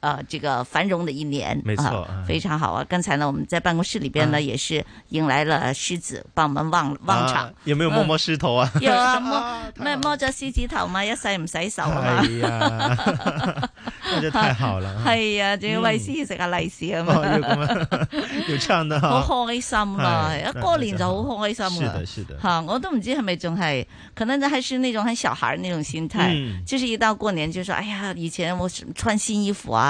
呃，這個繁榮的一年，沒錯、呃，非常好啊！剛才呢，我們在辦公室裏邊呢，啊、也是迎來了獅子，幫我們旺旺場、啊。有沒有摸摸獅頭啊、嗯？有啊，啊摸咩摸咗獅子頭嘛，一世唔洗手啊！哈、哎、哈 那就太好了。係 啊，就要餵獅子食下利是啊嘛，要親、嗯哦、 的 啊，哎、好開心啊！一過年就好開心啊！是的，是的。吓、啊，我都唔知係咪仲係，可能都還是那種很小孩的那種心態、嗯，就是一到過年就說：哎呀，以前我穿新衣服啊。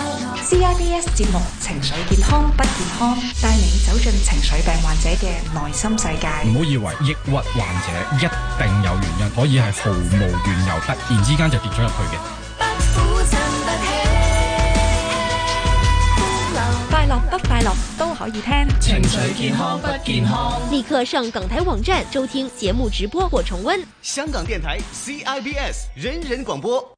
CIBS 節目情緒健康不健康，帶你走進情緒病患者嘅內心世界。唔好以為抑鬱患者一定有原因，可以係毫無緣由突然之間就跌咗入去嘅。快樂不快樂都可以聽，情緒健康不健康。立刻上港台網站收聽節目直播或重溫香港電台 CIBS 人人廣播。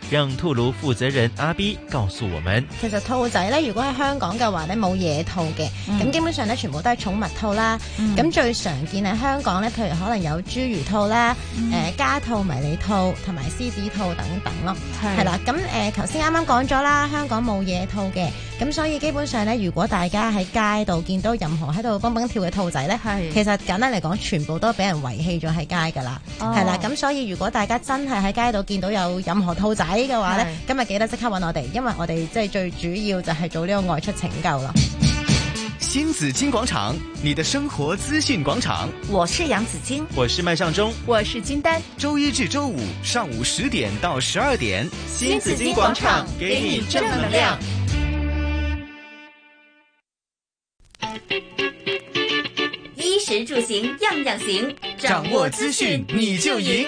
讓兔奴負責人阿 B 告訴我們：其實兔仔咧，如果喺香港嘅話咧，冇野兔嘅，咁、嗯、基本上咧，全部都係寵物兔啦。咁、嗯、最常見喺香港咧，譬如可能有侏儒兔啦，誒、嗯呃，家兔、迷兔、迷你兔同埋獅子兔等等咯，係啦。咁誒，頭先啱啱講咗啦，香港冇野兔嘅，咁所以基本上咧，如果大家喺街度見到任何喺度蹦蹦跳嘅兔仔咧，其實簡單嚟講，全部都俾人遺棄咗喺街噶、哦、啦，係啦。咁所以如果大家真係喺街度見到有任何兔仔，嘅話咧，今日記得即刻揾我哋，因為我哋即係最主要就係做呢個外出拯救咯。新紫荊廣場，你的生活資訊廣場。我是楊紫晶，我是麥尚中，我是金丹。周一至周五上午十點到十二點，新紫荊廣場給你正能量。衣食住行樣樣行，掌握資訊你就贏。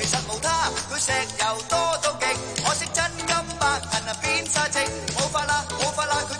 其實無他，佢石油多到極，可惜真金白銀啊，變晒石，冇法啦，冇法啦，佢。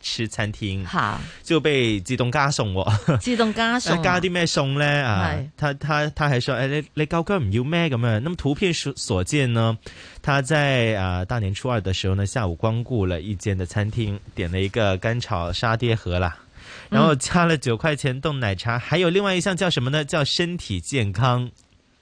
吃餐廳，好就被激自動加送我，自動加送加啲咩送呢？啊， 他他他係想，誒、哎，你你究竟唔要咩咁樣？那麼圖片所，所見呢？他在啊大年初二的時候呢，下午光顧了一間的餐廳，點了一個乾炒沙爹河啦，然後加了九塊錢凍奶茶、嗯，還有另外一項叫什麼呢？叫身體健康。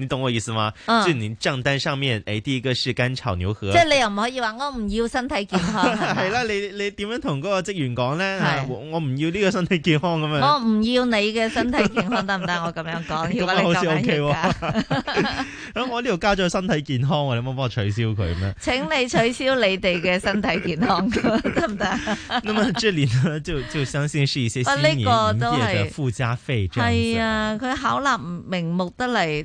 你懂我意思嗎？即、嗯、係你賬單上面，誒、哎，第一個是乾炒牛河。即係你又唔可以話我唔要身體健康。係 啦，你你點樣同個職員講咧？我唔要呢個身體健康咁樣。我唔要你嘅身體健康得唔得？我咁樣講，你好似 OK 喎。咁我呢度加咗身體健康， 可可可啊、健康 你可唔可幫我取消佢咩？請你取消你哋嘅身體健康，得唔得？咁啊，即連，就就相信是一些新營業嘅附加費這樣子係啊，佢、這個啊、巧立名目得嚟。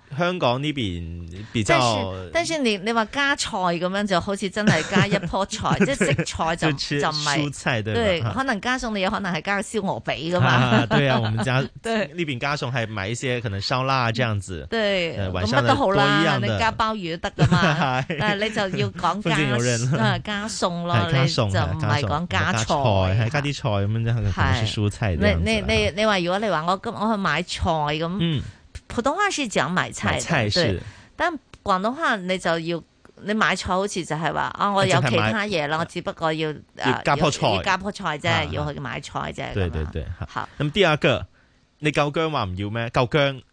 香港呢邊比較，但係你你話加菜咁樣就好似真係加一樖菜， 即係食菜就就唔係，蔬菜不對。可能加餸你有可能係加個燒鵝髀噶嘛、啊。對啊，我們加呢 邊加餸係買一些可能燒臘這樣子。對，咁、呃、乜都好啦，你加鮑魚都得噶嘛。 對但係你就要講加 啊加餸咯，你就唔係講加菜，加啲菜咁樣啫。係蔬菜。你你你你話如果你話我今我去買菜咁、嗯普通話是講買菜，菜是對。但廣東話你就要，你買菜好似就係、是、話，啊，我有其他嘢啦、啊，我只不過要，、啊、要加棵菜，啊、要要加棵菜啫、啊，要去買菜啫。對對對，好。咁第二個，你夠薑話唔要咩？夠薑。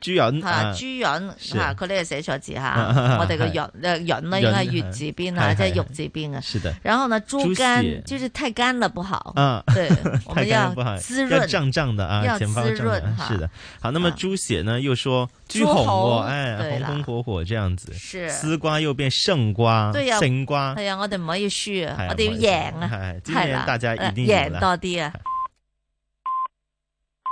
豬潤吓，豬潤吓，佢呢個寫錯字吓，我哋個潤誒潤咧應該係月字邊啊，即係肉字邊啊。是的。然後呢，豬肝，就是太乾了不好。嗯、啊，對。太乾不好。滋潤。要脹脹的啊。要滋潤、啊啊。是的。好，那麼豬血呢？啊、又說、哦。豬紅，哎，紅紅火火這樣子。是。絲瓜又變勝瓜，勝、啊、瓜。係啊，哎、我哋唔可以輸啊、哎，我哋要贏啊。係、哎、啊，大家一定贏啦。贏多啲啊！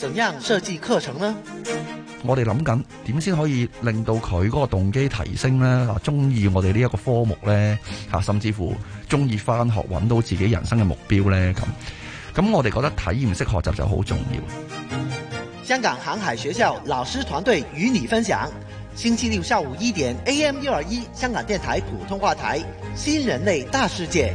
怎樣設計課程呢？我哋諗緊點先可以令到佢嗰個動機提升呢？啊，中意我哋呢一個科目呢？甚至乎中意翻學揾到自己人生嘅目標呢？咁，咁我哋覺得體驗式學習就好重要。香港航海學校老師團隊與你分享，星期六下午一點，AM 六二一，香港電台普通話台，新人類大世界。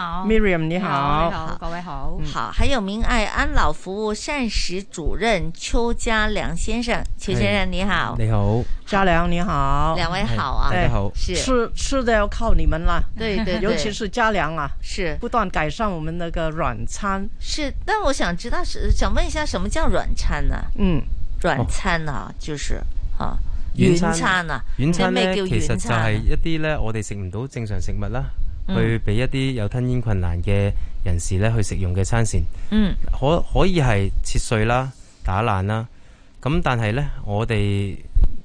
Miriam，你，好，好，你好，好，各位好，嗯、好，還有明愛安老服務膳食主任邱家良先生，邱先生你好，你好，家良你好，好，兩位好啊，大家好，是吃吃的要靠你們啦，對對，對，尤其是家良啊， 是不斷改善我們那個軟餐，是，但我想知道是想問一下什麼叫軟餐呢、啊？嗯，軟餐呢、啊哦，就是啊，軟餐，餐啊，軟餐呢，軟餐呢叫軟餐，其實就係一啲咧，我哋食唔到正常食物啦、啊。嗯、去俾一啲有吞咽困難嘅人士咧去食用嘅餐膳，嗯，可可以係切碎啦、打爛啦。咁但係呢，我哋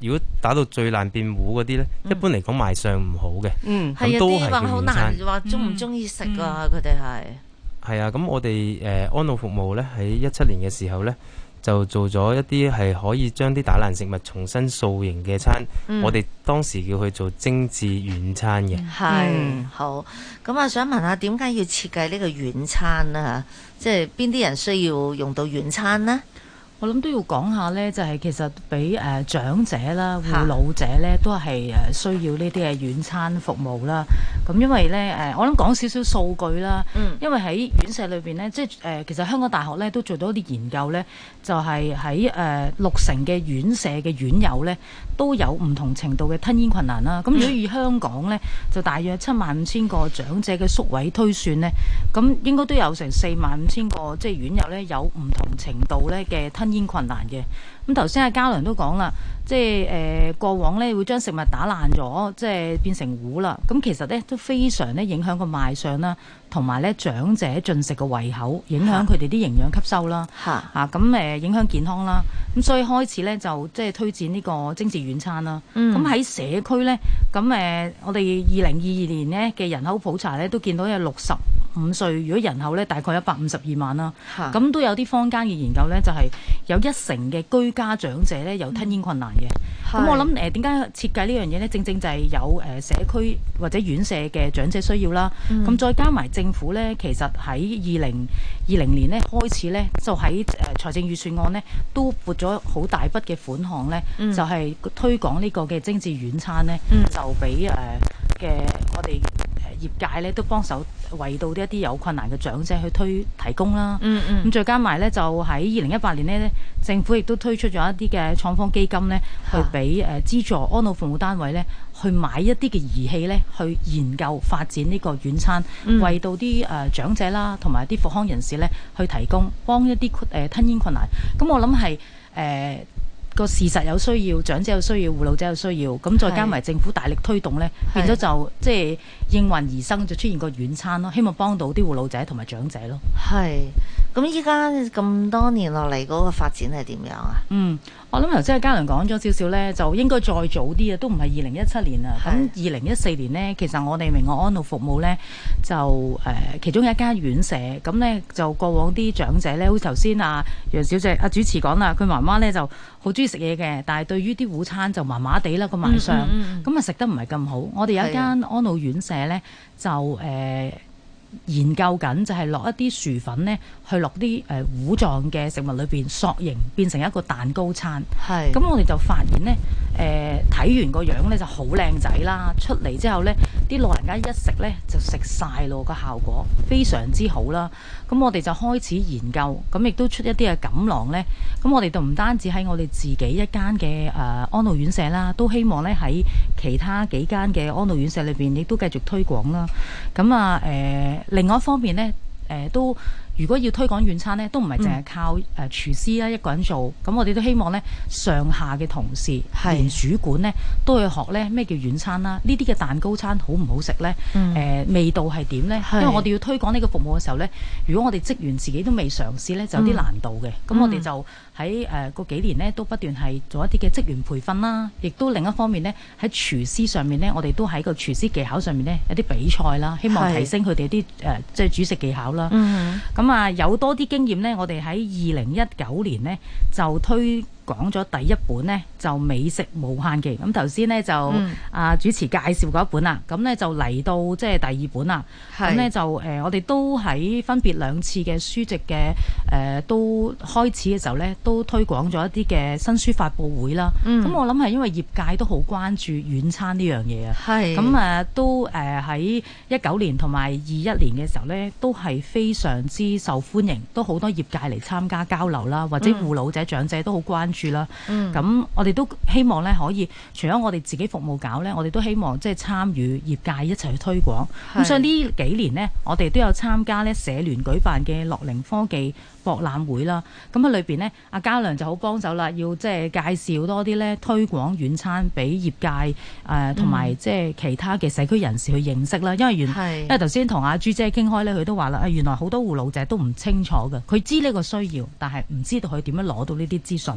如果打到最爛變糊嗰啲呢、嗯，一般嚟講賣相唔好嘅，嗯，係、嗯嗯嗯嗯、啊，都係好難話中唔中意食㗎，佢哋係。係啊，咁我哋誒安老服務呢，喺一七年嘅時候呢，就做咗一啲係可以將啲打爛食物重新塑形嘅餐，嗯、我哋當時叫佢做精致軟餐嘅。係好，咁啊想問一下，點解要設計呢個軟餐呢？即係邊啲人需要用到軟餐呢？我諗都要講下呢，就係其實俾誒、呃、長者啦、護老者呢都係需要呢啲嘅院餐服務啦。咁因為呢，誒、呃，我諗講少少數據啦。嗯、因為喺院舍裏面呢，即係呃、其實香港大學呢都做到啲研究呢，就係喺誒六成嘅院舍嘅院友呢。都有唔同程度嘅吞咽困難啦。咁如果以香港呢，就大約七萬五千個長者嘅宿位推算呢，咁應該都有成四萬五千個即係、就是、院友咧，有唔同程度呢嘅吞咽困難嘅。咁頭先阿嘉良都講啦，即係誒、呃、過往呢會將食物打爛咗，即係變成糊啦。咁其實呢都非常呢影響個賣相啦，同埋呢長者進食個胃口，影響佢哋啲營養吸收啦。咁、啊、影響健康啦。咁所以開始呢就即係推薦呢個精緻軟餐啦。咁、嗯、喺社區呢，咁我哋二零二二年呢嘅人口普查呢都見到有六十五歲，如果人口咧大概一百五十二萬啦，咁都有啲坊間嘅研究咧，就係、是、有一成嘅居家長者咧有吞嚥困難嘅。咁我諗點解設計呢樣嘢咧？正正就係有、呃、社區或者院舍嘅長者需要啦。咁、嗯、再加埋政府咧，其實喺二零二零年咧開始咧，就喺誒、呃、財政預算案咧都撥咗好大筆嘅款項咧、嗯，就係、是、推廣個政治呢個嘅精緻軟餐咧，就俾嘅、呃、我哋。界咧都幫手為到一啲有困難嘅長者去推提供啦。嗯嗯。咁再加埋咧，就喺二零一八年呢，政府亦都推出咗一啲嘅創科基金咧，去俾誒資助安老服務單位咧，去買一啲嘅儀器咧，去研究發展呢個軟餐，為、嗯、到啲誒長者啦，同埋啲復康人士咧，去提供幫一啲誒吞嚥困難。咁我諗係誒。呃個事實有需要，長者有需要，護老者有需要，咁再加埋政府大力推動咧，變咗就即係、就是、應運而生，就出現個遠餐咯。希望幫到啲護老者同埋長者咯。係。咁依家咁多年落嚟嗰個發展係點樣啊？嗯，我諗頭先阿嘉良講咗少少咧，就應該再早啲啊，都唔係二零一七年啊。咁二零一四年呢，其實我哋明愛安老服務咧就誒、呃、其中有一間院舍，咁咧就過往啲長者咧，好似頭先啊楊小姐啊主持講啦，佢媽媽咧就好中意食嘢嘅，但係對於啲午餐就麻麻地啦個賣相，咁啊食得唔係咁好。我哋有一間安老院舍咧就誒、呃、研究緊，就係落一啲薯粉咧。去落啲誒糊狀嘅食物裏面塑形，變成一個蛋糕餐。係咁，我哋就發現呢，誒、呃、睇完個樣呢就好靚仔啦。出嚟之後呢，啲老人家一食呢就食晒咯，個效果非常之好啦。咁我哋就開始研究，咁亦都出一啲嘅錦囊呢。咁我哋就唔單止喺我哋自己一間嘅誒安老院舍啦，都希望呢喺其他幾間嘅安老院舍裏面亦都繼續推廣啦。咁啊誒、呃，另外一方面呢，呃、都。如果要推廣軟餐呢，都唔係淨係靠誒廚師啦一個人做，咁、嗯、我哋都希望呢，上下嘅同事，連主管呢，都去學呢咩叫軟餐啦，呢啲嘅蛋糕餐好唔好食、嗯呃、呢？嗯味道係點呢？因為我哋要推廣呢個服務嘅時候呢，如果我哋職員自己都未嘗試呢，就有啲難度嘅，咁、嗯、我哋就。嗯喺誒個幾年呢，都不斷係做一啲嘅職員培訓啦，亦都另一方面呢，喺廚師上面呢，我哋都喺個廚師技巧上面呢，有啲比賽啦，希望提升佢哋啲誒即係煮食技巧啦。咁、嗯、啊，有多啲經驗呢，我哋喺二零一九年呢，就推。講咗第一本呢，就美食無限期，咁頭先呢，就啊主持介紹嗰一本啦，咁呢，就嚟到即係第二本啦，咁呢，就、呃、我哋都喺分別兩次嘅書籍嘅、呃、都開始嘅時候呢，都推廣咗一啲嘅新書發布會啦，咁、嗯、我諗係因為業界都好關注軟餐呢樣嘢啊，咁啊都喺一九年同埋二一年嘅時候呢，都係非常之受歡迎，都好多業界嚟參加交流啦，或者護老者長者都好關注、嗯。住、嗯、啦，咁我哋都希望呢，可以，除咗我哋自己服務搞呢，我哋都希望即係參與業界一齊去推廣。咁所以呢幾年呢，我哋都有參加呢社聯舉辦嘅樂齡科技。博覽會啦，咁喺裏邊呢，阿嘉良就好幫手啦，要即係介紹多啲呢，推廣遠餐俾業界，誒，同埋即係其他嘅社區人士去認識啦。因為遠，因為頭先同阿朱姐傾開呢，佢都話啦，啊原來好多護老者都唔清楚嘅，佢知呢個需要，但係唔知道佢點樣攞到呢啲資訊。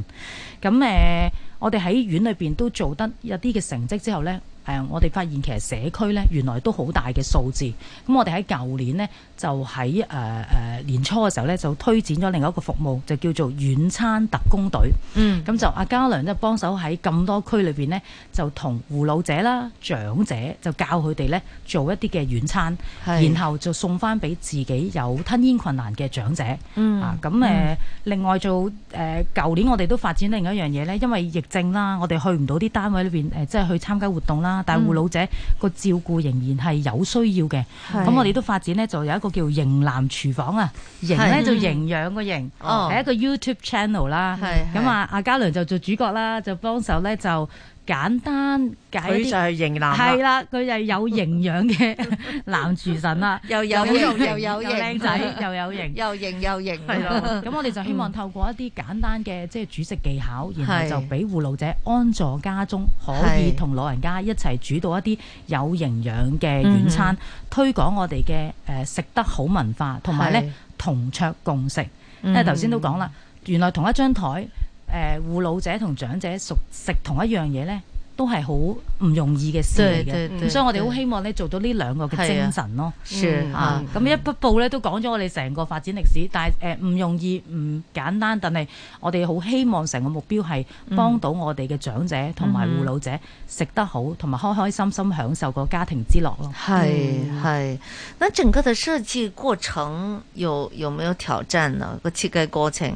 咁誒、呃，我哋喺院裏邊都做得一啲嘅成績之後呢。呃、我哋發現其實社區咧原來都好大嘅數字。咁我哋喺舊年呢，就喺、呃呃、年初嘅時候咧就推展咗另外一個服務，就叫做軟餐特工隊。嗯。咁就阿嘉良就幫幫手喺咁多區裏面呢，就同護老者啦、長者就教佢哋咧做一啲嘅軟餐，然後就送翻俾自己有吞嚥困難嘅長者。嗯。咁、啊呃嗯、另外做誒，舊、呃、年我哋都發展另一樣嘢咧，因為疫症啦，我哋去唔到啲單位裏面，呃、即係去參加活動啦。但護老者個照顧仍然係有需要嘅，咁、嗯、我哋都發展呢，就有一個叫營南廚房啊，營、哦、呢，就營養個營，係一個 YouTube channel 啦，咁啊阿嘉良就做主角啦，就幫手呢，就。簡單，佢就係營男，係啦，佢就係有營養嘅男廚神啦，又有又有靚仔又有型， 又型有又型，係咯。咁我哋就希望透過一啲簡單嘅即係煮食技巧，嗯、然後就俾護老者安坐家中，可以同老人家一齊煮到一啲有營養嘅軟餐、嗯，推廣我哋嘅誒食得好文化，呢同埋咧同桌共食。因為頭先都講啦，原來同一張台。誒、呃，護老者同長者食食同一樣嘢，呢都係好唔容易嘅事嚟嘅。對、對、對、對、對，所以我哋好希望呢，做到呢兩個嘅精神咯。啊，咁、啊嗯嗯啊、一步步呢，都講咗我哋成個發展歷史，但係誒唔容易，唔簡單，但係我哋好希望成個目標係幫到我哋嘅長者同埋護老者食得好，同埋開開心心享受個家庭之樂咯。係、係、啊，嗯、那整個嘅設計過程有有沒有挑戰呢？這個設計過程？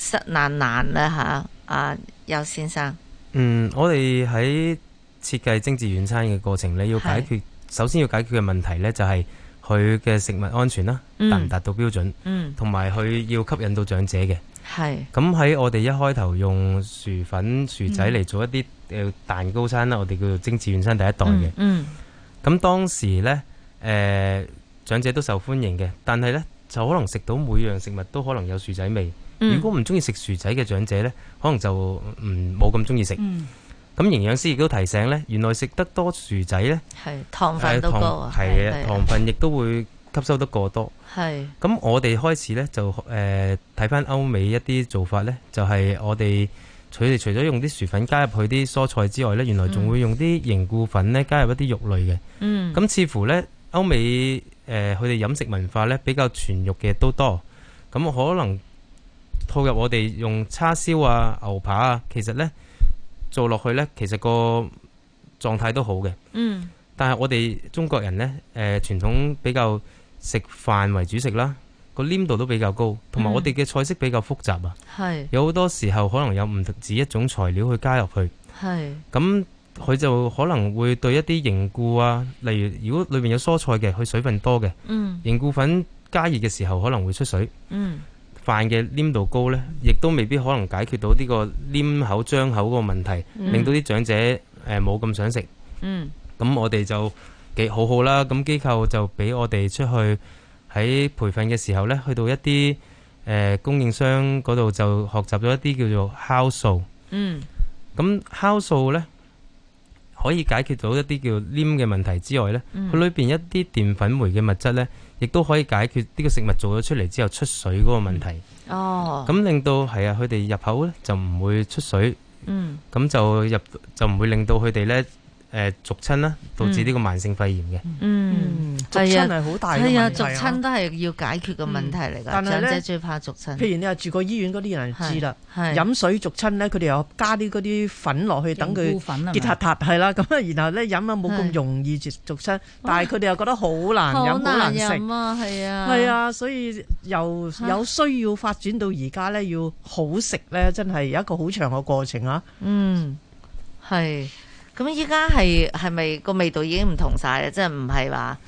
實難難啦吓，阿、啊、尤先生。嗯，我哋喺設計精致軟餐嘅過程，你要解決首先要解決嘅問題咧，就係佢嘅食物安全啦，達唔達到標準，嗯，同埋佢要吸引到長者嘅，係咁喺我哋一開頭用薯粉薯仔嚟做一啲誒蛋糕餐啦、嗯，我哋叫做精致軟餐第一代嘅，嗯，咁、嗯、當時咧，誒、呃、長者都受歡迎嘅，但係咧就可能食到每樣食物都可能有薯仔味。如果唔中意食薯仔嘅長者呢、嗯，可能就唔冇咁中意食。咁、嗯、營養師亦都提醒呢，原來食得多薯仔呢，係糖分都高，係、呃、啊，糖分亦都會吸收得過多。咁我哋開始呢，就誒睇翻歐美一啲做法呢，就係、是、我哋佢哋除咗用啲薯粉加入去啲蔬菜之外呢，原來仲會用啲凝固粉呢加入一啲肉類嘅。咁、嗯、似乎呢，歐美誒佢哋飲食文化呢，比較全肉嘅都多，咁可能。套入我哋用叉燒啊、牛扒啊，其實呢做落去呢，其實個狀態都好嘅。嗯，但係我哋中國人呢，誒、呃，傳統比較食飯為主食啦，個黏度都比較高，同埋我哋嘅菜式比較複雜啊。係、嗯，有好多時候可能有唔止一種材料去加入去。係，咁佢就可能會對一啲凝固啊，例如如果裏面有蔬菜嘅，佢水分多嘅，嗯，凝固粉加熱嘅時候可能會出水。嗯。飯嘅黏度高呢，亦都未必可能解決到呢個黏口張口嗰個問題，mm. 令到啲長者誒冇咁想食。嗯、mm.，咁我哋就幾好好啦。咁機構就俾我哋出去喺培訓嘅時候呢，去到一啲誒、呃、供應商嗰度就學習咗一啲叫做酵素。嗯，咁酵素呢，可以解決到一啲叫黏嘅問題之外呢，佢、mm. 裏邊一啲澱粉酶嘅物質呢。亦都可以解決呢個食物做咗出嚟之後出水嗰個問題。嗯、哦，咁令到係啊，佢哋入口咧就唔會出水。嗯，咁就入就唔會令到佢哋咧。誒、呃，濁親啦，導致呢個慢性肺炎嘅。嗯，濁親係好大嘅問題啊，係啊，濁親都係要解決嘅問題嚟噶。但係咧，最怕俗親。譬如你話住過醫院嗰啲人知啦，飲水俗親咧，佢哋又加啲嗰啲粉落去等佢結撻撻係啦。咁啊，然後咧飲啊，冇咁容易濁濁親，但係佢哋又覺得好難飲，好 難食啊！係啊，係啊，所以由有需要發展到而家咧，要好食咧，真係有一個好長嘅過程啊！嗯，係。咁依家係係咪個味道已經唔同晒咧？即係唔係話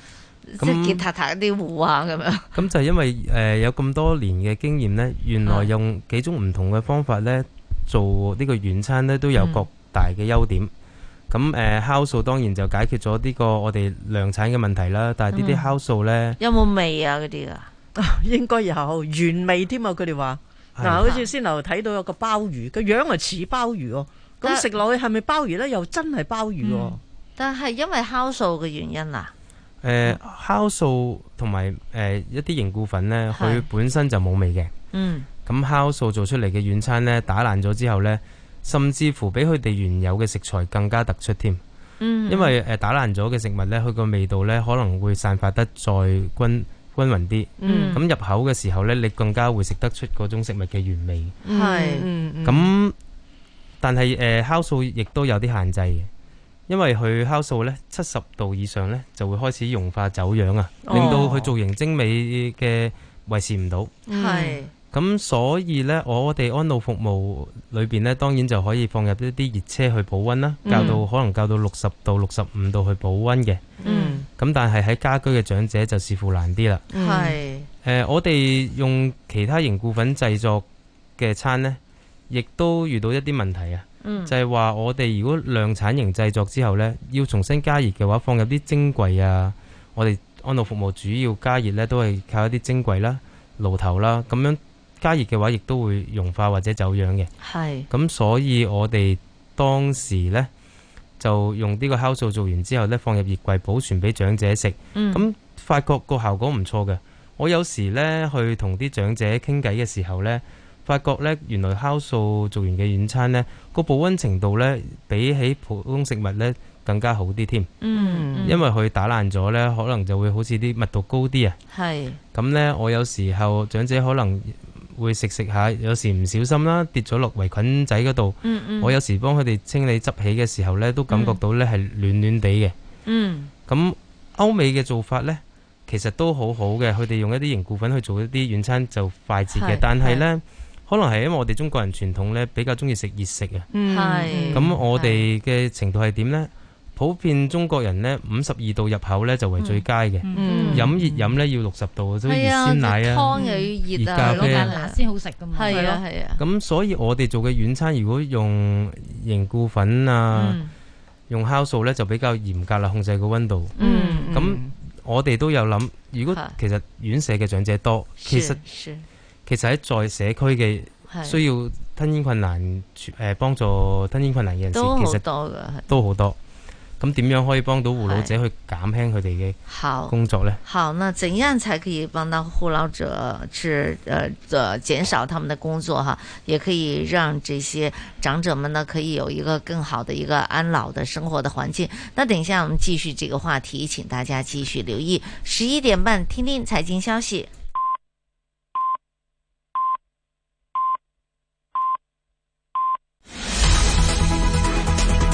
即係結撻撻啲糊啊咁樣？咁就因為誒、呃、有咁多年嘅經驗咧，原來用幾種唔同嘅方法咧做呢個原餐咧都有各大嘅優點。咁誒酵素當然就解決咗呢個我哋量產嘅問題啦。但係呢啲酵素咧有冇味啊？嗰啲啊，應該有原味添啊！佢哋話嗱，好似先頭睇到有個鮑魚，個樣係似鮑魚哦。咁食落去係咪鮑魚呢？又真係鮑魚喎，嗯？但係因為酵素嘅原因啊？誒、呃，酵素同埋誒一啲凝固粉呢，佢本身就冇味嘅。嗯。咁酵素做出嚟嘅軟餐呢，打爛咗之後呢，甚至乎比佢哋原有嘅食材更加突出添，嗯嗯。因為誒、呃、打爛咗嘅食物呢，佢個味道呢可能會散發得再均均匀啲。咁、嗯、入口嘅時候呢，你更加會食得出嗰種食物嘅原味。係。咁、嗯嗯。但係誒、呃、酵素亦都有啲限制嘅，因為佢酵素咧七十度以上咧就會開始融化走樣啊，令到佢造型精美嘅維持唔到。係咁，所以呢，我哋安老服務裏邊咧當然就可以放入一啲熱車去保溫啦，較到、嗯、可能較到六十度、六十五度去保溫嘅。嗯，咁但係喺家居嘅長者就似乎難啲啦。係、呃、我哋用其他凝固粉製作嘅餐呢。亦都遇到一啲問題啊、嗯，就係、是、話我哋如果量產型製作之後呢，要重新加熱嘅話，放入啲蒸櫃啊，我哋安老服務主要加熱呢，都係靠一啲蒸櫃啦、爐頭啦，咁樣加熱嘅話，亦都會融化或者走樣嘅。係。咁所以我哋當時呢，就用呢個酵素做完之後呢，放入熱櫃保存俾長者食。咁、嗯、發覺個效果唔錯嘅。我有時呢，去同啲長者傾偈嘅時候呢。發覺呢，原來酵素做完嘅軟餐呢，個保溫程度呢，比起普通食物呢，更加好啲添。嗯，因為佢打爛咗呢，可能就會好似啲密度高啲啊。係。咁呢，我有時候長者可能會食食下，有時唔小心啦，跌咗落圍裙仔嗰度。我有時幫佢哋清理、執起嘅時候呢，都感覺到呢係暖暖地嘅。嗯。咁、嗯、歐美嘅做法呢，其實都好好嘅。佢哋用一啲凝固粉去做一啲軟餐就快捷嘅，但係呢。可能係因為我哋中國人傳統咧比較中意食熱食啊，咁我哋嘅程度係點咧？普遍中國人咧五十二度入口咧就為最佳嘅，飲熱飲咧要六十度，所以熱鮮奶啊、湯又要熱先好食噶嘛，係啊係啊。咁所以我哋做嘅軟餐如果用凝固粉啊，用酵素咧就比較嚴格啦，控制個溫度。咁我哋都有諗，如果其實院舍嘅長者多，其實。其實喺在，在社區嘅需要吞咽困難，誒、呃、幫助吞咽困難嘅人士，都其實多噶多好多。咁點樣可以幫到護老者去減輕佢哋嘅工作呢好？好，那怎樣才可以幫到護老者去，去、呃、誒，誒減少他們的工作哈？也可以讓這些長者們呢，可以有一個更好嘅一個安老的生活的環境。那等一下，我們繼續這個話題，請大家繼續留意十一點半，聽聽財經消息。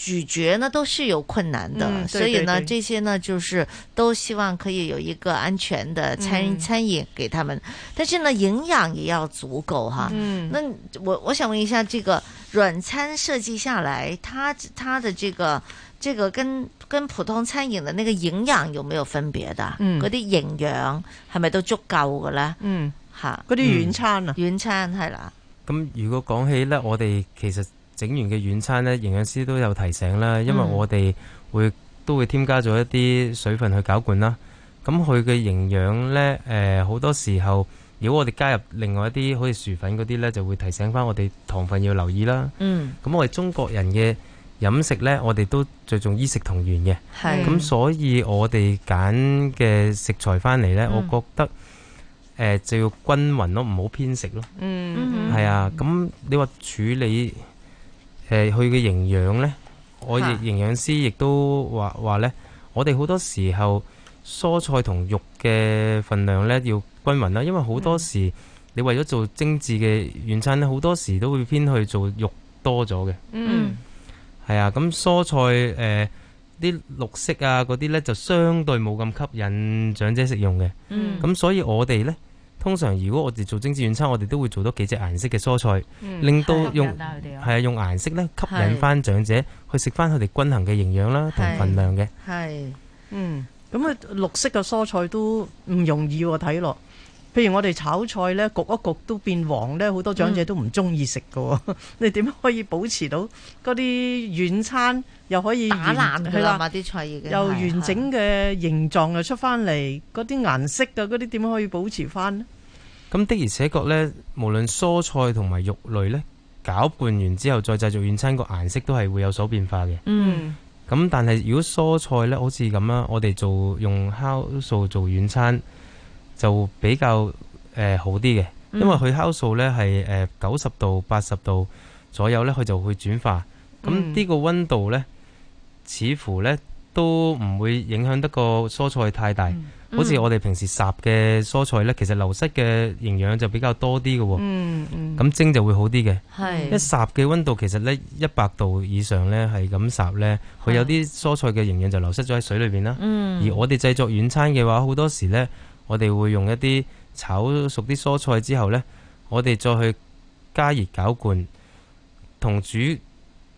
咀嚼呢都是有困難的，嗯對對對，所以呢，這些呢就是都希望可以有一個安全的餐，嗯、餐飲給他們。但是呢，營養也要足夠哈。嗯，那我我想問一下，這個軟餐設計下來，它它的這個這個跟跟普通餐飲的那個營養有沒有分別的？嗯，嗰啲營養係咪都足夠嘅咧？嗯，吓，嗰啲軟餐啊，軟餐係啦。咁如果講起咧，我哋其實。整完嘅軟餐呢，營養師都有提醒啦，因為我哋會、嗯、都會添加咗一啲水分去攪拌啦。咁佢嘅營養呢，誒、呃、好多時候，如果我哋加入另外一啲好似薯粉嗰啲呢，就會提醒翻我哋糖分要留意啦。嗯，咁我哋中國人嘅飲食呢，我哋都最重衣食同源嘅，係咁，所以我哋揀嘅食材翻嚟呢，我覺得誒、嗯呃、就要均勻咯，唔好偏食咯。嗯，嗯，係啊，咁你話處理。誒，佢嘅營養呢，我營養師亦都話話呢，我哋好多時候蔬菜同肉嘅份量呢要均勻啦，因為好多時你為咗做精緻嘅晚餐呢，好多時都會偏去做肉多咗嘅。嗯，係啊，咁蔬菜誒啲、呃、綠色啊嗰啲呢就相對冇咁吸引長者食用嘅。咁、嗯、所以我哋呢。通常如果我哋做精緻晚餐，我哋都會做多幾隻顏色嘅蔬菜，嗯、令到用係啊的用，用顏色咧吸引翻長者的去食翻佢哋均衡嘅營養啦同份量嘅。係，嗯，咁啊綠色嘅蔬菜都唔容易睇落。譬如我哋炒菜呢，焗一焗都變黃呢，好多長者都唔中意食嘅。嗯、你點可以保持到嗰啲軟餐又可以打爛係啦，菜啲又完整嘅形狀又出翻嚟，嗰、嗯、啲顏色嘅嗰啲點可以保持翻咧？咁的而且確呢，無論蔬菜同埋肉類呢，攪拌完之後再製作軟餐，個顏色都係會有所變化嘅。嗯。咁但係如果蔬菜呢，好似咁啊，我哋做用酵素做軟餐。就比較、呃、好啲嘅，因為佢酵素呢係九十度、八十度左右呢，佢就會轉化。咁、嗯、呢個溫度呢，似乎呢都唔會影響得個蔬菜太大。嗯嗯、好似我哋平時烚嘅蔬菜呢，其實流失嘅營養就比較多啲嘅喎。咁、嗯嗯、蒸就會好啲嘅。一烚嘅溫度其實呢，一百度以上呢係咁烚呢，佢有啲蔬菜嘅營養就流失咗喺水裏面啦、嗯。而我哋製作軟餐嘅話，好多時呢。我哋會用一啲炒熟啲蔬菜之後呢，我哋再去加熱攪拌同煮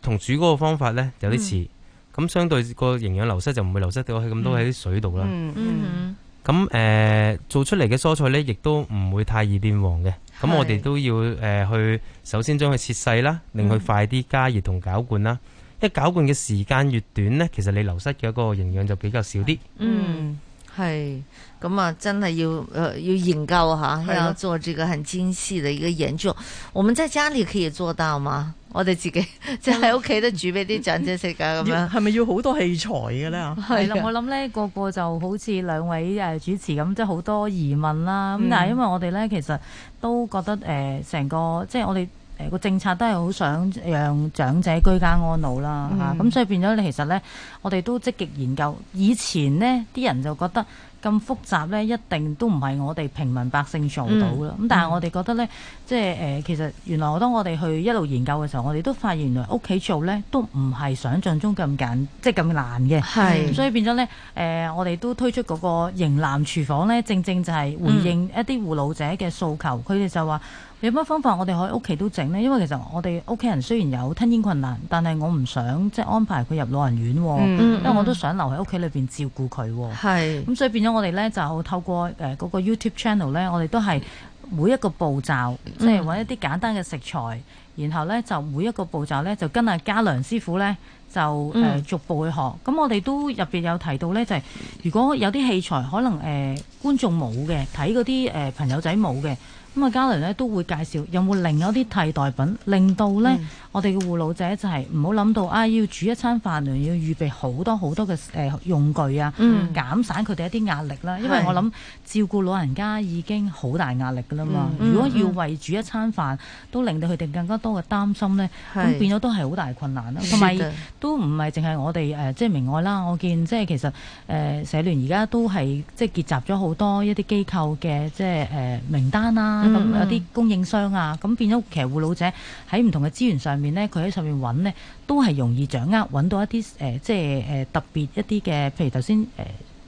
同煮嗰個方法呢，有啲似咁，相對個營養流失就唔會流失到去咁多喺啲水度啦。咁、嗯、誒、呃，做出嚟嘅蔬菜呢，亦都唔會太易變黃嘅。咁我哋都要誒去、呃，首先將佢切細啦，令佢快啲加熱同攪拌啦。嗯、因為攪拌嘅時間越短呢，其實你流失嘅一個營養就比較少啲。嗯，係。咁啊，真係要誒有、呃、研究下，要做呢個很精細嘅一個研究。我們在家裏可以做到嘛？我哋自己即係喺屋企都煮俾啲長者食㗎，咁樣係咪要好多器材嘅咧？係啦，我諗咧個個就好似兩位誒主持咁，即係好多疑問啦。咁 但係因為我哋咧，其實都覺得誒，成、呃、個即係我哋誒個政策都係好想讓長者居家安老啦吓，咁、 嗯、所以變咗你其實咧，我哋都積極研究。以前呢啲人就覺得。咁複雜呢，一定都唔係我哋平民百姓做到啦。咁、嗯、但係我哋覺得呢、嗯，即係誒、呃，其實原來當我哋去一路研究嘅時候，我哋都發現原來屋企做呢都唔係想像中咁簡，即係咁難嘅。係，所以變咗呢，誒、呃，我哋都推出嗰個型男廚房呢，正正就係回應一啲護老者嘅訴求，佢、嗯、哋就話。有乜方法我哋可以屋企都整呢？因為其實我哋屋企人雖然有吞嚥困難，但係我唔想即係、就是、安排佢入老人院，嗯嗯、因為我都想留喺屋企裏邊照顧佢。係咁，所以變咗我哋呢就透過誒嗰個 YouTube channel 呢，我哋都係每一個步驟，即係搵一啲簡單嘅食材，嗯、然後呢就每一個步驟呢就跟阿嘉良師傅呢就誒逐步去學。咁、嗯、我哋都入邊有提到呢、就是，就係如果有啲器材可能誒、呃、觀眾冇嘅，睇嗰啲誒朋友仔冇嘅。咁啊，嘉倫咧都會介紹有冇另外一啲替代品，令到咧、嗯、我哋嘅護老者就係唔好諗到啊、哎，要煮一餐飯，要預備好多好多嘅誒、呃、用具啊，減、嗯、散佢哋一啲壓力啦。因為我諗照顧老人家已經好大壓力噶啦嘛、嗯，如果要為煮一餐飯、嗯、都令到佢哋更加多嘅擔心咧，咁、嗯、變咗都係好大困難啦。同埋都唔係淨係我哋誒、呃，即係明愛啦。我見即係其實誒、呃、社聯而家都係即係結集咗好多一啲機構嘅即係誒、呃、名單啦。嗯、有啲供應商啊，咁變咗其實護老者喺唔同嘅資源上面咧，佢喺上面揾咧，都係容易掌握，揾到一啲誒、呃，即係誒特別一啲嘅，譬如頭先誒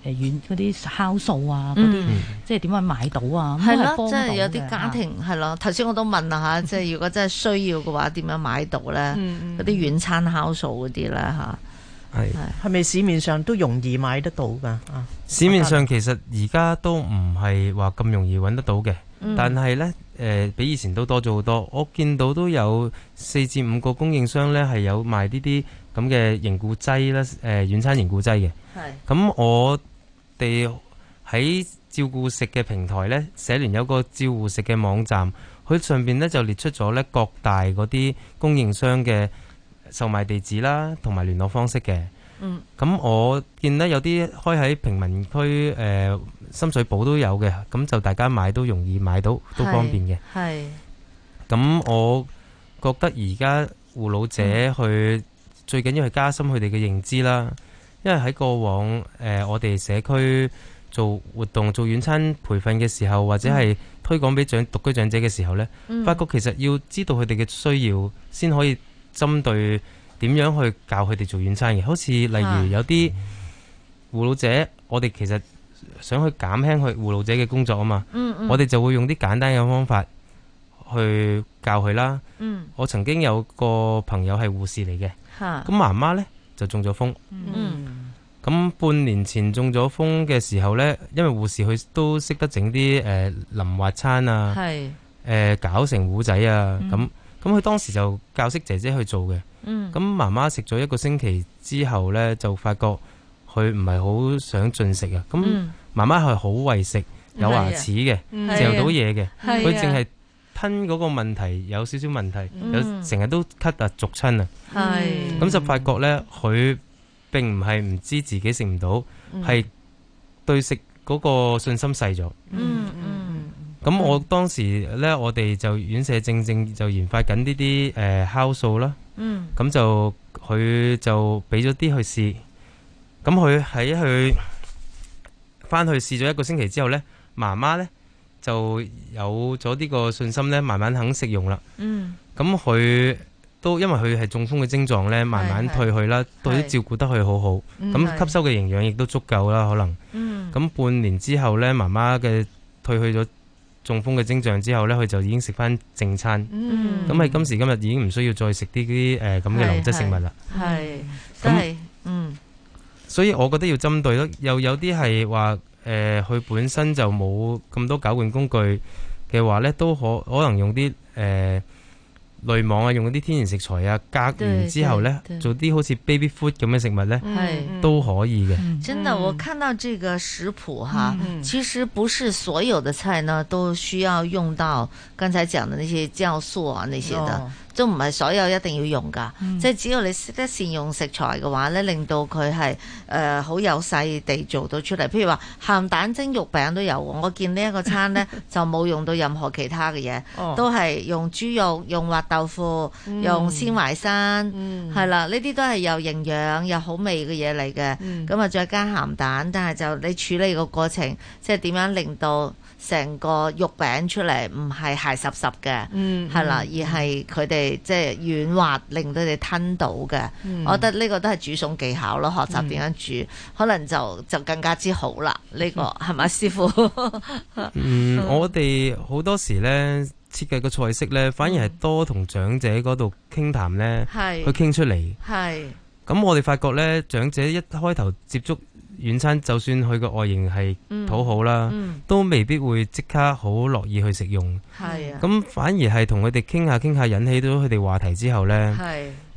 誒軟嗰啲酵素啊，啲、嗯、即係點樣買到啊？係咯、啊，即係有啲家庭係咯。頭先、啊、我都問啦嚇， 即係如果真係需要嘅話，點樣買到咧？嗰、嗯、啲軟餐酵素嗰啲咧嚇，係係咪市面上都容易買得到㗎？市面上其實而家都唔係話咁容易揾得到嘅。但係呢，誒、呃、比以前都多咗好多。我見到都有四至五個供應商咧，係有賣呢啲咁嘅凝固劑啦，誒、呃、軟餐凝固劑嘅。係。咁我哋喺照顧食嘅平台呢，社聯有個照顧食嘅網站，佢上邊呢就列出咗呢各大嗰啲供應商嘅售賣地址啦，同埋聯絡方式嘅。嗯。咁我見呢，有啲開喺平民區誒。呃深水埗都有嘅，咁就大家買都容易買到，都方便嘅。係，咁我覺得而家護老者去、嗯、最緊要係加深佢哋嘅認知啦。因為喺過往誒、呃，我哋社區做活動、做軟餐培訓嘅時候，或者係推廣俾長獨居長者嘅時候呢，發覺其實要知道佢哋嘅需要，先可以針對點樣去教佢哋做軟餐嘅。好似例如有啲護、啊嗯、老者，我哋其實。想去減輕去護老者嘅工作啊嘛、嗯，嗯、我哋就會用啲簡單嘅方法去教佢啦、嗯。嗯、我曾經有個朋友係護士嚟嘅，咁媽媽呢就中咗風、嗯。咁、嗯、半年前中咗風嘅時候呢，因為護士佢都識得整啲誒淋滑餐啊，誒、呃、搞成糊仔啊，咁咁佢當時就教識姐姐去做嘅。咁媽媽食咗一個星期之後呢，就發覺佢唔係好想進食啊。咁、嗯嗯媽媽係好為食，有牙齒嘅，嚼到嘢嘅，佢淨係吞嗰個問題有少少問題，有成日都咳突俗親啊，咁、嗯、就發覺呢，佢並唔係唔知自己食唔到，係對食嗰個信心細咗。嗯咁我當時呢，我哋就院舍正正就研發緊呢啲誒酵素啦。嗯，咁就佢就俾咗啲去試，咁佢喺佢。翻去試咗一個星期之後呢，媽媽呢就有咗呢個信心呢，慢慢肯食用啦。嗯，咁佢都因為佢係中風嘅症狀呢，慢慢退去啦，對照顧得佢好好，咁、嗯、吸收嘅營養亦都足夠啦。可能，嗯，咁半年之後呢，媽媽嘅退去咗中風嘅症狀之後呢，佢就已經食返正餐。嗯，咁、嗯、喺今時今日已經唔需要再食啲啲誒咁嘅流質食物啦。係，所以我覺得要針對咯，又有啲係話誒，佢、呃、本身就冇咁多攪拌工具嘅話咧，都可可能用啲誒濾網啊，用啲天然食材啊，加完之後咧，對對對做啲好似 baby food 咁嘅食物咧，嗯嗯都可以嘅。真的，我看到這個食譜哈，其實不是所有的菜呢都需要用到剛才講的那些酵素啊，那些的。哦。都唔係所有一定要用㗎，即、嗯、係只要你識得善用食材嘅話咧，令到佢係誒好有勢地做到出嚟。譬如話鹹蛋蒸肉餅都有，我見呢一個餐咧 就冇用到任何其他嘅嘢、哦，都係用豬肉、用滑豆腐、用鮮淮山，係、嗯嗯、啦，呢啲都係有營養又好味嘅嘢嚟嘅。咁、嗯、啊，再加鹹蛋，但係就你處理個過程，即係點樣令到成個肉餅出嚟唔係鞋濕濕嘅，係、嗯、啦、嗯，而係佢哋即係軟滑，令到你吞到嘅、嗯。我覺得呢個都係煮餸技巧咯，學習點樣煮、嗯，可能就就更加之好啦。呢、呢個係咪啊，師傅？ 嗯，我哋好多時呢設計個菜式呢，反而係多同長者嗰度傾談呢、嗯，去傾出嚟。係。咁我哋發覺呢，長者一開頭接觸。軟餐就算佢個外形係討好啦、嗯嗯，都未必會即刻好樂意去食用。咁、啊、反而係同佢哋傾下傾下，引起到佢哋話題之後呢、啊，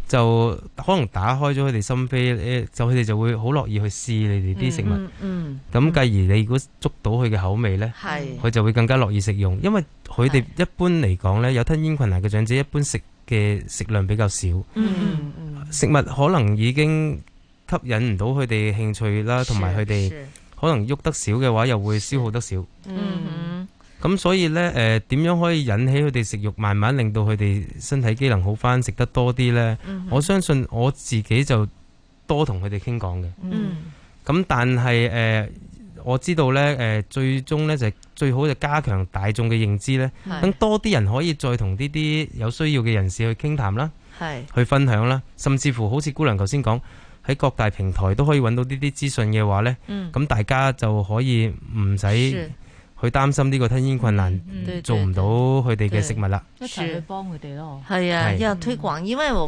就可能打開咗佢哋心扉，就佢哋就會好樂意去試你哋啲食物。咁、嗯、繼、嗯嗯、而你如果捉到佢嘅口味呢，佢、啊、就會更加樂意食用。因為佢哋一般嚟講呢，有吞咽困難嘅長者一般食嘅食量比較少、嗯嗯，食物可能已經。吸引唔到佢哋興趣啦，同埋佢哋可能喐得少嘅話，又會消耗得少。嗯，咁所以呢，誒、呃、點樣可以引起佢哋食慾，慢慢令到佢哋身體機能好返，食得多啲呢、嗯？我相信我自己就多同佢哋傾講嘅。咁、嗯、但係誒、呃，我知道呢，誒、呃、最終呢，就最好就加強大眾嘅認知呢，等多啲人可以再同呢啲有需要嘅人士去傾談啦，去分享啦，甚至乎好似姑娘頭先講。喺各大平台都可以揾到呢啲資訊嘅話呢，咁、嗯、大家就可以唔使，去擔心呢個吞嚥困難，嗯、對對對做唔到佢哋嘅食物啦，一齊去幫佢哋咯。係啊，要推廣，因為我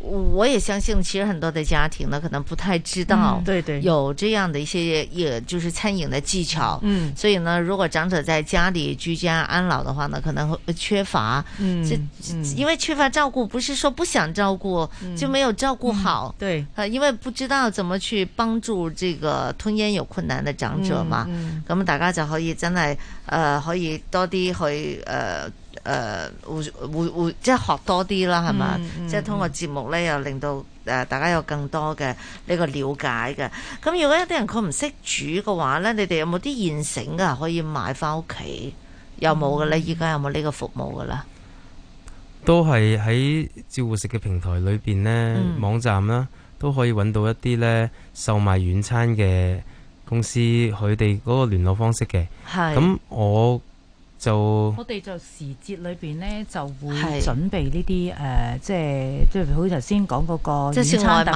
我也相信，其實很多的家庭呢可能不太知道，對對，有這樣的一些，也、嗯、就是餐飲的技巧。嗯，所以呢，如果長者在家裏居家，嗯、居家安老的話呢，可能會缺乏嗯，嗯，因為缺乏照顧，不是說不想照顧，嗯、就沒有照顧好、嗯。對，因為不知道怎麼去幫助這個吞嚥有困難的長者嘛。咁、嗯嗯、大家就可以真係。誒、呃，可以多啲去，誒、呃，誒、呃，會會會，即係學多啲啦，係嘛？Mm -hmm. 即係通過節目咧，又令到誒大家有更多嘅呢個了解嘅。咁如果一啲人佢唔識煮嘅話咧，你哋有冇啲現成嘅可以買翻屋企？有冇嘅咧？Mm -hmm. 依家有冇呢個服務嘅啦？都係喺照護食嘅平台裏邊咧，mm -hmm. 網站啦，都可以揾到一啲咧售賣軟餐嘅。公司佢哋嗰個聯絡方式嘅。係咁我就我哋就時節裏邊咧就會準備呢啲誒即係即係好似頭先講嗰個午餐特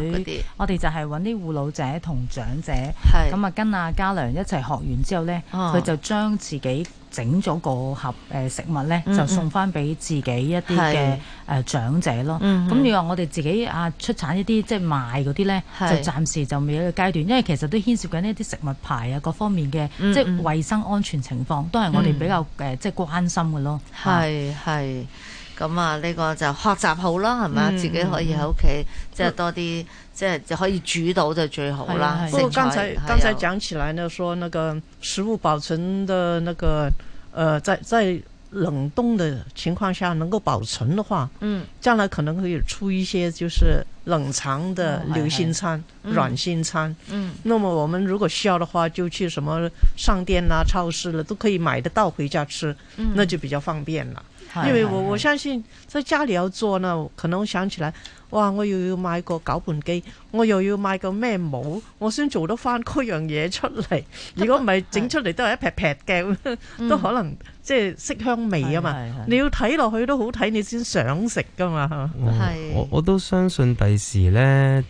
工隊，我哋就係揾啲護老者同長者，係咁啊，跟阿嘉良一齊學完之後咧，佢、嗯、就將自己。整咗個盒誒食物咧，就送翻俾自己一啲嘅誒長者咯。咁你話我哋自己啊出產一啲即係賣嗰啲咧，就暫時就未有一個階段，因為其實都牽涉緊一啲食物牌啊各方面嘅、嗯嗯、即係衞生安全情況，都係我哋比較誒即係關心嘅咯。係、嗯、係。啊咁啊，呢、這個就學習好啦，係咪啊？自己可以喺屋企，即係多啲、嗯，即係就可以煮到就最好啦。不過剛才剛才講起來呢，說那個食物保存的那個，呃，在在冷凍的情況下能夠保存的話，嗯，將來可能會可出一些就是冷藏的流心餐、軟心餐。嗯，那麼我們如果需要的話，就去什麼商店啦、啊、超市啦、啊，都可以買得到回家吃，嗯、那就比較方便了。因為我我相信，即係家裏有做呢，可能我想起來，哇！我又要買個攪拌機，我又要買個咩模，我先做得返嗰樣嘢出嚟。如果唔係整出嚟都係一劈劈嘅， 嗯、都可能即係色香味啊嘛。嗯、你要睇落去都好睇，嗯，你先想食噶嘛。係，我我都相信第時咧，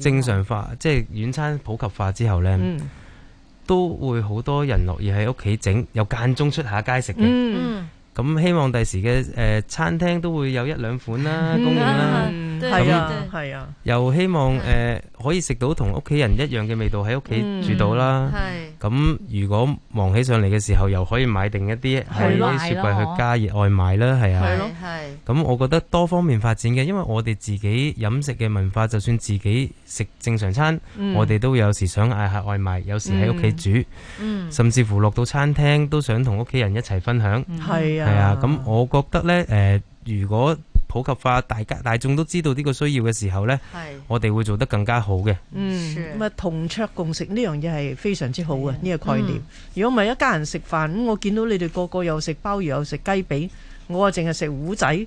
正常化即係軟餐普及化之後咧，嗯、都會好多人樂意喺屋企整，又間中出下街食嘅。嗯嗯咁希望第時嘅誒餐廳都會有一兩款啦，供應啦。係啊，係啊、嗯。又希望誒可以食到同屋企人一樣嘅味道，喺屋企煮到啦。係、嗯。咁如果忙起上嚟嘅時候，又可以買定一啲喺雪櫃去加熱外賣啦。係啊。係咯，係。咁我覺得多方面發展嘅，因為我哋自己飲食嘅文化，就算自己。食正常餐，嗯、我哋都有時想嗌下外賣，有時喺屋企煮、嗯嗯，甚至乎落到餐廳都想同屋企人一齊分享。係、嗯、啊，咁、啊、我覺得呢、呃，如果普及化，大家大眾都知道呢個需要嘅時候呢，我哋會做得更加好嘅。嗯，啊、同桌共食呢樣嘢係非常之好嘅，呢個概念係係、啊嗯。如果唔係一家人食飯，咁我見到你哋個個又食鮑魚又食雞髀，我啊淨係食糊仔。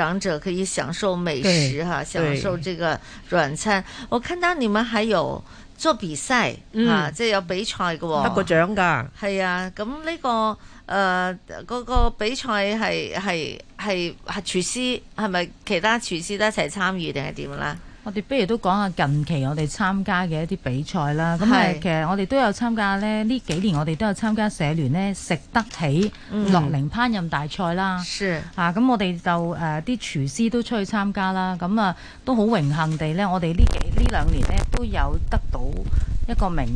長者可以享受美食哈、啊，享受這個軟餐。我看到你們還有做比賽、嗯、啊，即係有比賽嘅喎，得個獎噶。係啊，咁、嗯、呢、這個誒嗰、呃那個比賽係係係係廚師係咪其他廚師都一齊參與定係點啦？還我哋不如都講下近期我哋參加嘅一啲比賽啦。咁誒，其實我哋都有參加咧。呢幾年我哋都有參加社聯咧食得起樂齡烹飪大賽啦。嗯、是啊，咁我哋就誒啲廚師都出去參加啦。咁、嗯、啊，都好榮幸地咧，我哋呢幾呢兩年咧都有得到一個名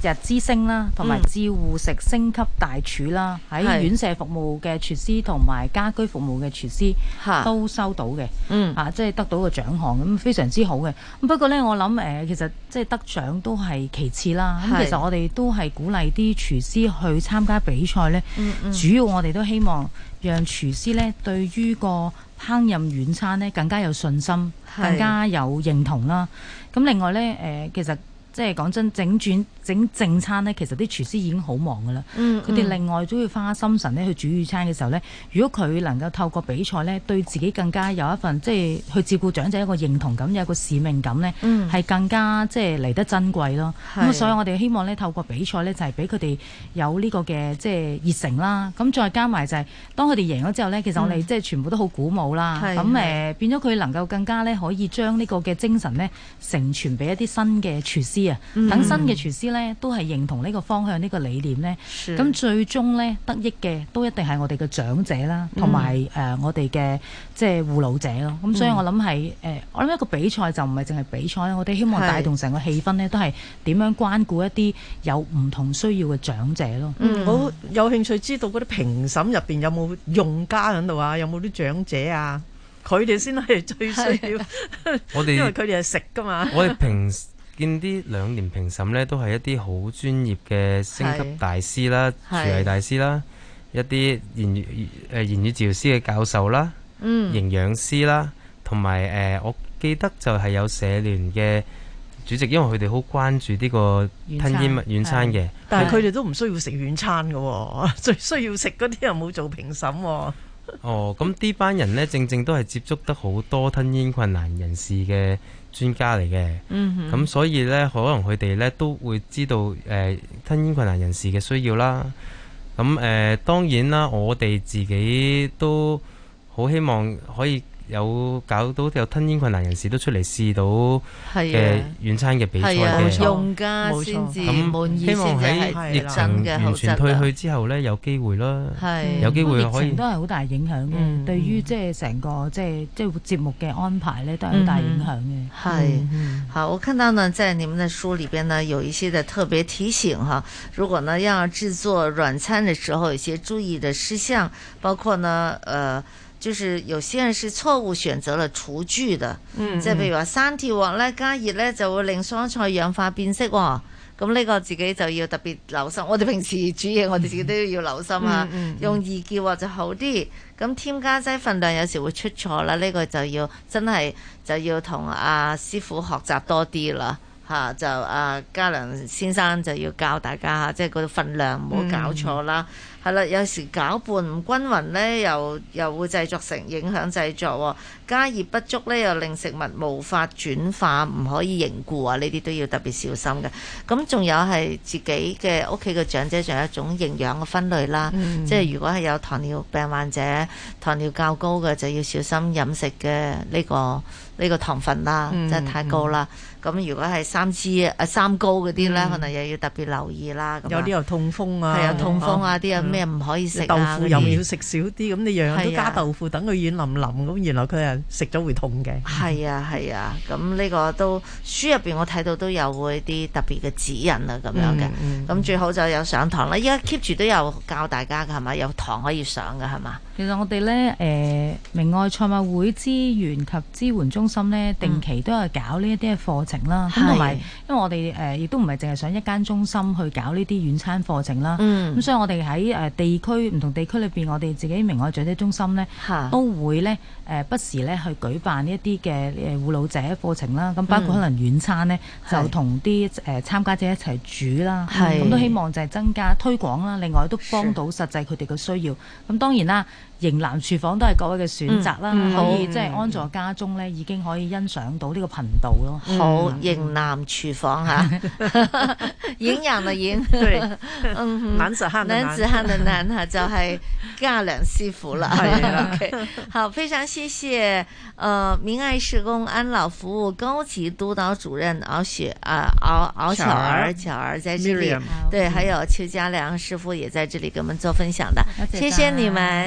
日之星啦，同埋照護食星級大廚啦，喺、嗯、院舍服務嘅廚師同埋家居服務嘅廚師都收到嘅、嗯，啊，即係得到個獎項咁，非常之好嘅。咁不過呢，我諗、呃、其實即係得獎都係其次啦。咁其實我哋都係鼓勵啲廚師去參加比賽呢、嗯嗯，主要我哋都希望讓廚師呢對於個烹飪軟餐呢更加有信心，更加有認同啦。咁另外呢，呃、其實。即係講真，整轉整正餐呢，其實啲廚師已經好忙㗎啦。佢、嗯、哋、嗯、另外都要花心神咧去煮預餐嘅時候呢，如果佢能夠透過比賽呢，對自己更加有一份即係去照顧長者一個認同感，有一個使命感呢，係、嗯、更加即係嚟得珍貴咯。咁所以我哋希望呢，透過比賽呢，就係俾佢哋有呢個嘅即係熱誠啦。咁再加埋就係、是、當佢哋贏咗之後呢，其實我哋、嗯、即係全部都好鼓舞啦。咁誒、呃、變咗佢能夠更加呢，可以將呢個嘅精神呢，成傳俾一啲新嘅廚師。嗯、等新嘅廚師咧，都係認同呢個方向、呢、呢個理念咧。咁最終咧得益嘅，都一定係我哋嘅長者啦，同埋誒我哋嘅即係護老者咯。咁、嗯、所以我諗係誒，我諗一個比賽就唔係淨係比賽啦。我哋希望帶動成個氣氛咧，都係點樣關顧一啲有唔同需要嘅長者咯、嗯嗯。我有興趣知道嗰啲評審入邊有冇用家喺度啊？有冇啲長者啊？佢哋先係最需要。是 因為佢哋係食噶嘛我。 我哋們平。 見啲兩年評審呢都係一啲好專業嘅升級大師啦、廚藝大師啦、一啲言語誒言語治療師嘅教授啦、嗯、營養師啦，同埋誒，我記得就係有社聯嘅主席，因為佢哋好關注呢個吞煙物軟餐嘅，但係佢哋都唔需要食軟餐㗎喎，最需要食嗰啲又冇做評審喎。哦，咁呢班人呢， 正正都係接觸得好多吞煙困難人士嘅。專家嚟嘅，咁所以呢，可能佢哋呢都會知道誒吞嚥困難人士嘅需要啦。咁誒，當然啦，我哋自己都好希望可以。 有搞到有吞咽困難人士都出嚟試到嘅軟餐嘅比賽嘅、啊，用家先至滿意先、嗯、得。希望疫情完全退去之後呢、啊，有機會啦，有機會可以都係好大影響嘅、嗯。對於即係成個即係即係節目嘅安排呢，都係好大影響嘅。係、嗯嗯，好，我看到呢，在你們的書裏邊呢，有一些的特別提醒哈。如果呢，要製作軟餐嘅時候，有一些注意的事項，包括呢，呃。就是有些人是錯誤選擇了廚具的，嗯嗯，即係譬如話生鐵鑊咧加熱咧就會令蔬菜氧化變色喎、哦，咁呢個自己就要特別留心。我哋平時煮嘢、嗯，我哋自己都要留心啊，嗯嗯嗯、用易潔鑊就好啲。咁添加劑份量有時會出錯啦，呢、這個就要真係就要同阿、啊、師傅學習多啲啦，嚇、啊、就阿嘉良先生就要教大家嚇，即係嗰份量唔好搞錯啦。嗯嗯係啦，有時攪拌唔均勻咧，又又會製作成影響製作喎。加熱不足咧，又令食物無法轉化，唔可以凝固啊！呢啲都要特別小心嘅。咁仲有係自己嘅屋企嘅長者，仲有一種營養嘅分類啦，嗯、即係如果係有糖尿病患者，糖尿較高嘅就要小心飲食嘅呢、這個呢、這個糖分啦，嗯、真係太高啦。嗯嗯咁如果係三脂啊、三高嗰啲咧，可能又要特別留意啦。有啲又痛風啊，係啊，痛風啊啲啊咩唔可以食、啊、豆腐又要食少啲。咁、嗯、你樣樣都加豆腐，等佢、啊、軟腍腍咁，原來佢係食咗會痛嘅。係啊係啊，咁呢、啊、個都書入邊我睇到都有會啲特別嘅指引啊咁、嗯、樣嘅。咁、嗯、最好就有上堂啦。依家 keep 住都有教大家噶，係咪？有堂可以上嘅，係嘛？其實我哋咧，誒明愛賽馬會資源及支援中心咧，定期都係搞呢一啲嘅課。啦、嗯，同埋，因為我哋誒亦都唔係淨係想一間中心去搞呢啲遠餐課程啦，咁、嗯嗯、所以我哋喺、呃、地區唔同地區裏面，我哋自己明愛長者中心呢、啊，都會呢，誒、呃、不時呢去舉辦一啲嘅誒護老者課程啦，咁包括可能遠餐呢，嗯、就同啲誒參加者一齊煮啦，咁、嗯嗯嗯、都希望就係增加推廣啦，另外都幫到實際佢哋嘅需要，咁、嗯、當然啦。迎南廚房都係各位嘅選擇啦、嗯嗯，可以好即係安坐家中咧、嗯，已經可以欣賞到呢個頻道咯。好，嗯、迎南廚房吓、啊，營養的營， 對、嗯，男子漢的男子， 男子漢的男吓 就係嘉良師傅啦。係啦、啊 okay，好，非常謝謝，呃明愛社工安老服務高級督導，導主任敖雪啊，敖敖巧兒巧兒，兒在這裏，Miriam，對、啊，還有邱嘉良師傅也在這裏跟我們做分享的，okay，謝謝你們。